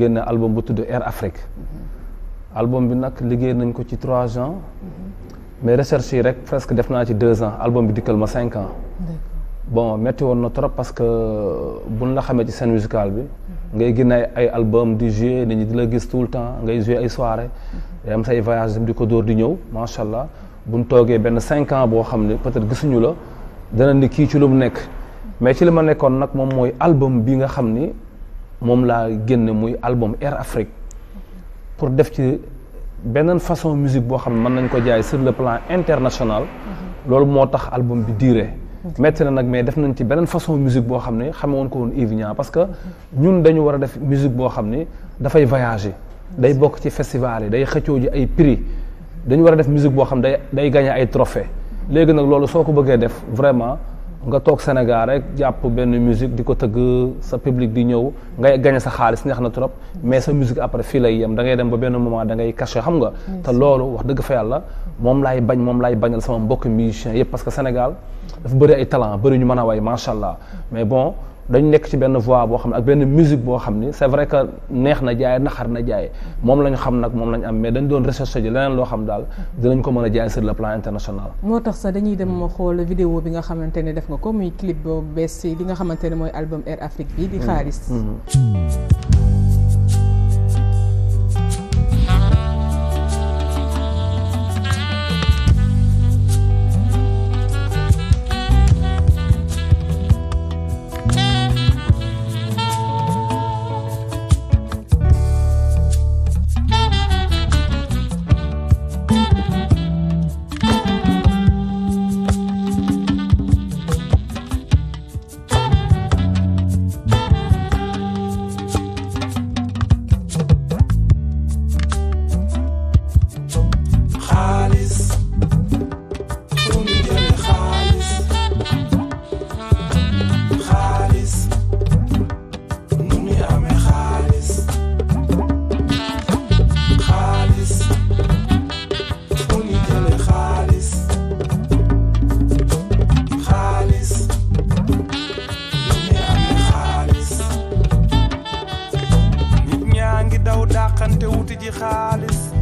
génne album bu bi nag liggéey nañ ko ci trois ans mais recherche yi rek presque def naa ci deux ans album bi dikkal ma cinq ans bon metti woon na trop parce que buñ la xamee ci scène musicale bi ngay génne ay album di jouer nit ñi di la gis tout le temps ngay jouer ay soirée day mhm. am say voyage di ko dóor di ñëw macha allah buñ toogee benn ans boo xam ne peut-être gisuñu la dana ni kii ci lu mu nekk mais ci li ma nekkoon nag moom mooy album bi nga xam ni moom laa génn muy album Air Afrique pour def ci beneen façon musique boo xam ne mën nañ ko jaay sur le plan international loolu moo tax album bi diire metti na nag mais def nañ ci beneen façon musique boo xam ne xame woon ko woon Yves Niang parce que ñun dañu war a def musique boo xam ne dafay voyager day bokk ci festival yi day xëccoo ay prix dañu war a def musique boo xam ne day day gagné ay trophées léegi nag loolu soo ko bëggee def vraiment nga toog Sénégal rek jàpp benn musique di ko tëgg sa public di ñëw ngay gagné sa xaalis neex na trop mais sa musique après fii lay yem da ngay dem ba benn moment da ngay caché xam nga. te loolu wax dëgg fa yàlla moom laay bañ moom laay bañal sama mbokk musiciens yëpp parce que Sénégal dafa bëri ay talent bëri ñu mën a way macha allah mais bon. dañu nekk ci benn voix boo xam ne ak benn musique boo xam ni c'est vrai que neex na jaay naxar na jaay moom la ñu xam nag moom la am mais dañ doon recherche ji leneen loo xam daal dinañ ko mën a jaay sur le plan international moo tax sax dañuy dem xool vidéo bi nga xamante ne def nga ko muy clip boobu bees li nga xamante ne mooy album Air Afrique bi di mm-hmm. xaalis mm-hmm. te wuti ji xaalis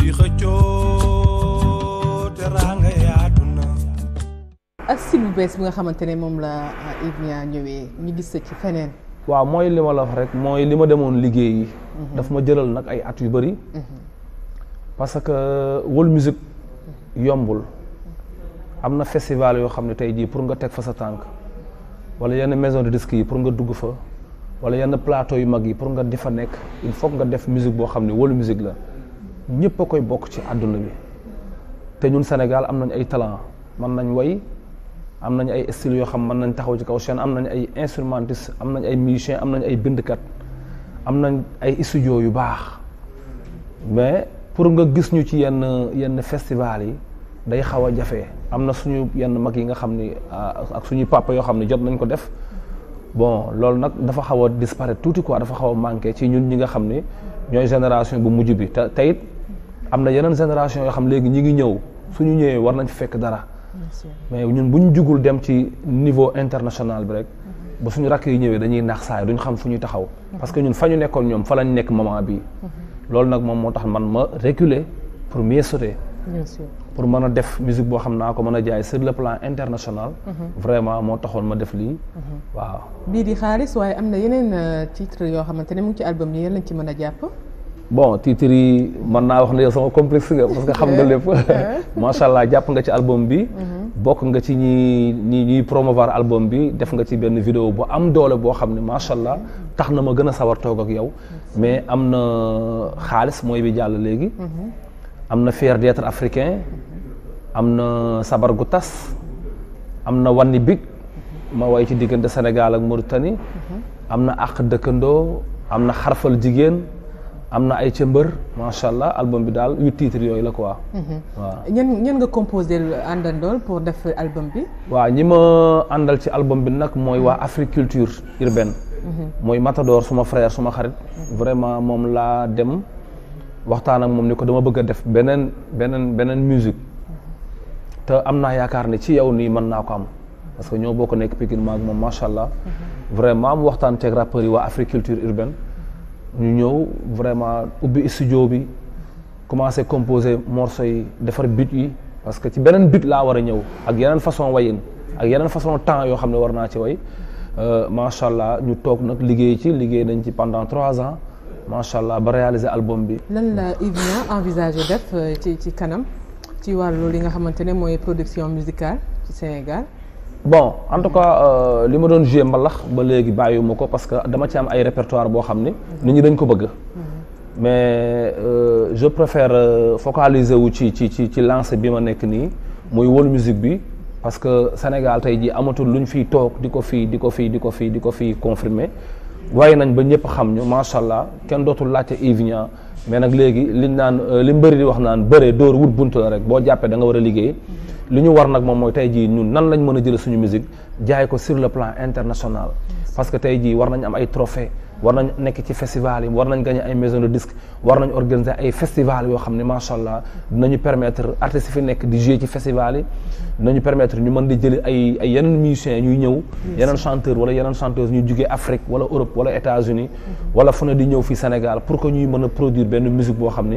di xëccoo te ranga yaatu na ak si bu bees bi nga xamante ne moom la Ive eh, Niang ñëwee ñu gis ci feneen waaw mooy li la wax rek mooy li ma demoon liggéeyi mhm. daf ma jëlal nag ay at yu bëri mhm. parce que wol Music mhm. yombul am na festival yoo xam ne tey jii pour nga teg fa sa tànk wala yenn maison de disque yi pour nga dugg fa wala yenn plateau yu mag yi pour nga di fa nekk il faut nga def musique boo xam ne wóolu musique la ñëpp a koy bokk ci àdduna bi te ñun Sénégal am nañ ay talent mën nañ woy am nañ ay style yoo xam mën nañ taxaw ci kaw chaîne am nañ ay instrumentiste am nañ ay musicien am nañ ay bindkat am nañ ay studio yu baax mais pour nga gis ñu ci yenn yenn festival yi day xaw a jafe am na suñu yenn mag yi nga xam ni ah, ak suñuy papa yoo xam ne jot nañ ko def bon loolu nag dafa xaw a disparaître tuuti quoi dafa xaw a manqué ci ñun ñi nga xam ni ñooy génération bu mujj bi te teyit am na yeneen génération yoo xam léegi ñi ngi ñëw ñu ñëwee war nañ fi fekk dara mais ñun bu ñu jugul dem ci niveau international bi rek ba suñu rakk yi ñëwee dañuy naax saay duñ xam fu ñuy taxaw parce que ñun fa ñu nekkoon ñoom fa lañ nekk moment bi mhm. loolu nag moom moo tax man ma reculer pour mieux bien sûr pour mën a def musique boo xam naa ko mën a jaay sur le plan international. Mhm. vraiment moo taxoon ma def lii. Mhm. waaw bii di xaalis waaye am na yeneen euh, titres yoo xamante ne mu ci album yi yéen ci mën a jàpp. bon titres yi mën naa wax ne yow sama complexe nga parce que xam nga lépp macha allah jàpp nga ci album bi. Mhm. bokk nga ci ñi ñi ñuy promouvoir album bi def nga ci benn vidéo bu am doole boo xam ne macha allah tax na ma gën a sawar toog ak yow mais am na xaalis mooy bi jàll léegi. am na fier d'être africain am na sabar gu tas am na wanni big ma way ci diggante Sénégal ak Mauritanie am na àq dëkkandoo am na xarfal jigéen am na ay cëmbër macha allah album bi daal huit titres yooyu la quoi. waaw ñan nga composé àndandool pour def album bi. waaw ñi ma àndal ci album bi nag mooy waa culture urbaine. Mhm. mooy Matador suma frère suma xarit. vraiment moom laa dem. waxtaan ak moom ni ko dama bëgg a def beneen beneen beneen musique mm-hmm. te am naa yaakaar ne ci yow nii mën naa ko am parce que boo ko nekk Pikine maag moom macha allah. Mm-hmm. vraiment mu waxtaan ceeg rappeurs yi waa Africulture urbaine ñu ñëw vraiment ubbi studio bi commencé composer morceaux yi defar beat yi parce que ci beneen beat laa war a ñëw ak yeneen façon wayin ak yeneen façon temps yoo xam ne war naa ci way euh, macha allah ñu toog nag liggéey ci liggéey nañ ci pendant trois ans. macha allah ba réaliser album bi. lan la Ivian envisagé def euh, ci ci kanam ci wàllu li nga xamante ne mooy production musicale ci Sénégal. bon en tout cas euh, li ma doon joué mbalax ba léegi bàyyiwuma ko parce que dama ci am ay répertoire boo xam ni. nit ñi dañ ko bëgg. mais euh, je préfère euh, focaliser wu ci ci ci ci lancé bi ma nekk nii muy wol musique bi parce que Sénégal tey jii amatul lu ñu fiy toog di ko fii di ko fii di ko fii di ko fii confirmer waaye nañ ba ñëpp xam ñu macha allah kenn dootul laajte Evian mais nag léegi liñ naan euh, li mbëri di wax naan bëree dóor wut buntu la rek boo jàppee danga war a liggéey li ñu war nag moom mooy tey jii ñun nan lañ mën a jëlee suñu musique jaay ko sur le plan international parce que tey jii war nañ am ay trophée war nañ nekk ci festival yi war nañ gagné ay maison de disque war nañ organiser ay festival yoo xam ne macha allah dinañu permettre artistes fi nekk di jouer ci festival yi dinañu permettre ñu man di jëli ay ay yeneen musiciens ñuy ñëw yeneen chanteur wala yeneen chanteuse ñuy jugee Afrique wala Europe wala États-Unis wala fu ne di ñëw fii Sénégal pour que ñuy mën a produire benn musique boo xam ne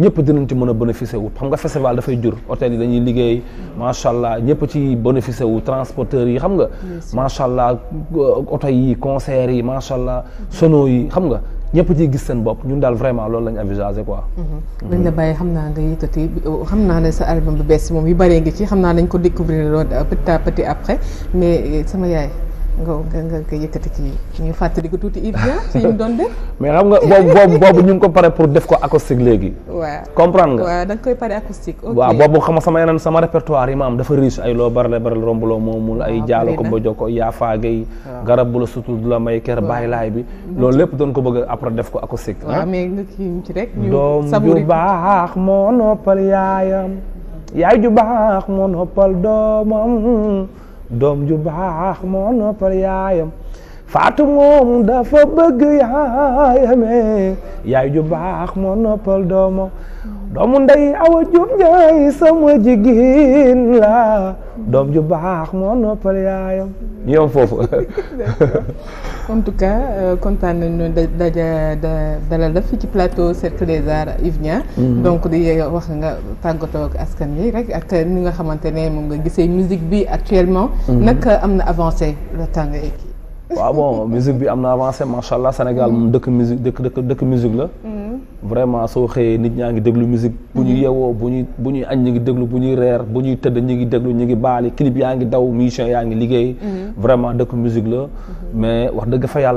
ñëpp dinañ ci mën a bénéficier wu xam nga festival dafay jur hôtel yi dañuy liggéey macha allah ñëpp ci bénéficier wu transporteurs yi xam nga macha allah euh, oto yi yi macha allah tonneau yi xam nga ñëpp ciy gis seen bopp ñun daal vraiment loolu lañu envisagé quoi. dañ mhm. mhm. la bàyyi xam naa nga yëkkati xam naa ne sa album bu bees moom yu bëree ngi ci xam naa nañ ko découvrir loolu euh, petit à après mais euh, sama yaay. nga xam nga boobu boobu boobu ko pare pour def ko acoustique léegi. waaw nga. waaw boobu xam sama yeneen sama répertoire yi ma am dafa riche ay loo barale barale romb loo moomul ay ah, jaalo ko ba jokko yaa faagay. Ah. garab bu la sutur du la may ker bàyyi laay bi. Mm-hmm. loolu lépp doon ko bëgg après def ko acoustique. Ah. waaw mais nga kii ci doom ju baax moo noppal yaayam. yaay ju baax moo noppal doomam. doom ju baax moo noppal yaayam faatu moom dafa bëgg yaayame yaay ju baax moo noppal doomam doomu ndey awa jub njaay sama jigéen la doom ju baax moo noppal yaayam ñoom foofu en tout cas euh, kontaan nañu da dalal la fii ci plateau cercle des arts Ive Niang mhm. donc di euh, wax nga tàggatoo ak askan yi rek ak ni nga xamante ne moom nga gisee musique bi actuellement mhm. nag euh, am na avancé le temps nga waaw bon musique bi am na avancé macha allah Sénégal moom dëkk dëkk dëkk dëkk musique la mhm. vraiment soo xëyee nit ñaa ngi déglu musique bu ñu mm-hmm. yewoo bu ñuy bu ñuy añ ñu ngi déglu bu ñuy reer bu ñuy tëdd ñu ngi déglu ñu ngi baali clip yaa ngi daw musicien yaa ngi liggéey mm-hmm. vraiment dëkk musique la mm-hmm. mais wax dëgg fa yàlla